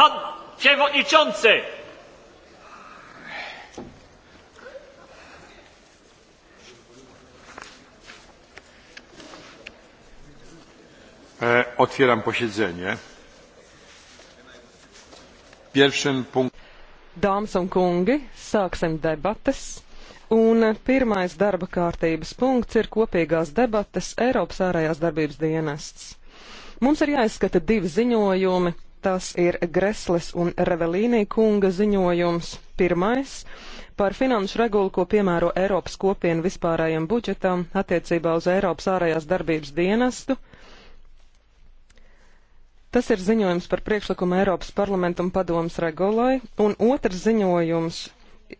Pan przewodniczący! E, otwieram posiedzenie. Pierwszym punktem. Dāmas un kungi, sāksim debates. Un pirmais darba kārtības punkts ir kopīgās debates Eiropas ārējās darbības dienests. Mums ir jāizskata divi ziņojumi Tas ir Gresles un Revelīnī kunga ziņojums pirmais par finanšu regulu, ko piemēro Eiropas kopienu vispārējiem budžetam attiecībā uz Eiropas ārējās darbības dienestu. Tas ir ziņojums par priekšlikumu Eiropas parlamentu un padomas regulai, un otrs ziņojums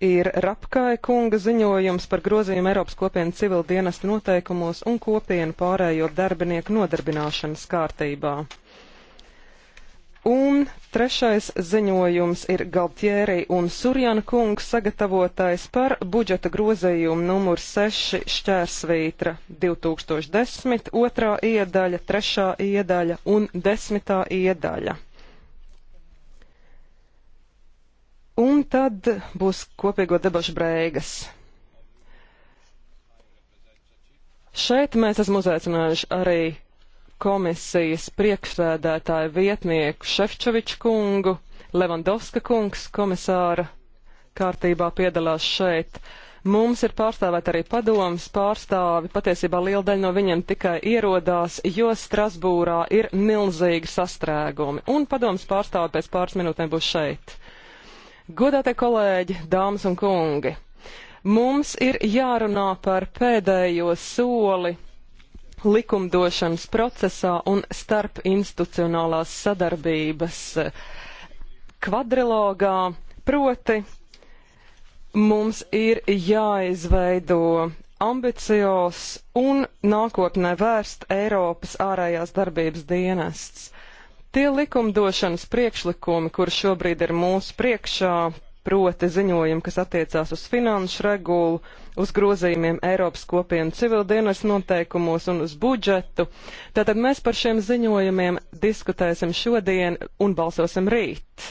ir Rapkai kunga ziņojums par grozījumu Eiropas kopienu civil dienestu noteikumos un kopienu pārējo darbinieku nodarbināšanas kārtībā. Un trešais ziņojums ir Galtieri un Surjana kungs sagatavotais par budžeta grozējumu numur 6 šķērsvītra 2010, otrā iedaļa, trešā iedaļa un desmitā iedaļa. Un tad būs kopīgo debašu breigas. Šeit mēs esam uzaicinājuši arī komisijas priekšsēdētāju vietnieku Šefčoviču kungu, Levandovska kungs komisāra kārtībā piedalās šeit. Mums ir pārstāvēt arī padomas pārstāvi, patiesībā liela daļa no viņiem tikai ierodās, jo Strasbūrā ir milzīgi sastrēgumi, un padomas pārstāvi pēc pāris minūtēm būs šeit. Godātie kolēģi, dāmas un kungi! Mums ir jārunā par pēdējo soli likumdošanas procesā un starp institucionālās sadarbības eh, kvadrilogā, proti mums ir jāizveido ambiciozs un nākotnē vērst Eiropas ārējās darbības dienests. Tie likumdošanas priekšlikumi, kur šobrīd ir mūsu priekšā, proti ziņojumi, kas attiecās uz finanšu regulu, uz grozījumiem Eiropas kopienu civildienas noteikumos un uz budžetu. Tātad mēs par šiem ziņojumiem diskutēsim šodien un balsosim rīt.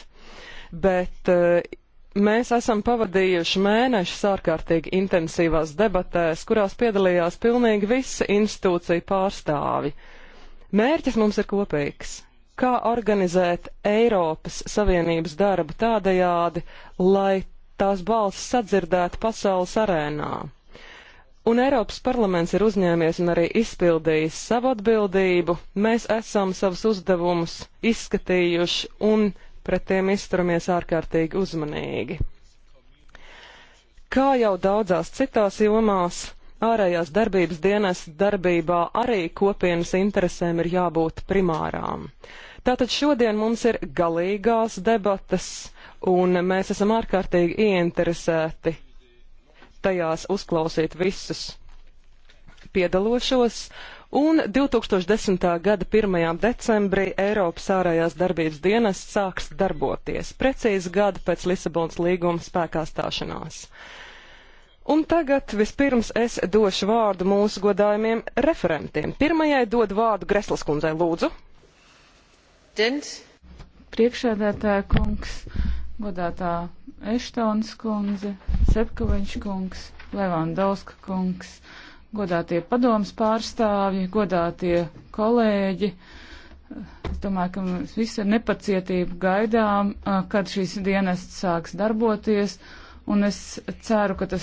Bet eh, mēs esam pavadījuši mēnešus ārkārtīgi intensīvās debatēs, kurās piedalījās pilnīgi visi institūcija pārstāvi. Mērķis mums ir kopīgs kā organizēt Eiropas Savienības darbu tādajādi, lai tās balss sadzirdētu pasaules arēnā. Un Eiropas parlaments ir uzņēmies un arī izpildījis savu atbildību. Mēs esam savus uzdevumus izskatījuši un pret tiem izturamies ārkārtīgi uzmanīgi. Kā jau daudzās citās jomās, ārējās darbības dienas darbībā arī kopienas interesēm ir jābūt primārām. Tātad šodien mums ir galīgās debatas, un mēs esam ārkārtīgi ieinteresēti tajās uzklausīt visus piedalošos. Un 2010. gada 1. decembrī Eiropas ārējās darbības dienas sāks darboties, precīzi gadu pēc Lisabonas līguma spēkā stāšanās. Un tagad vispirms es došu vārdu mūsu godājumiem referentiem. Pirmajai dod vārdu Greslas kundzei, lūdzu. Priekšādātāja kungs, godātā Eštons kundze, Sepkoviņš kungs, Levandauska kungs, godātie padomas pārstāvji, godātie kolēģi. Es domāju, ka mēs visi ar nepacietību gaidām, kad šīs dienas sāks darboties, un es ceru, ka tas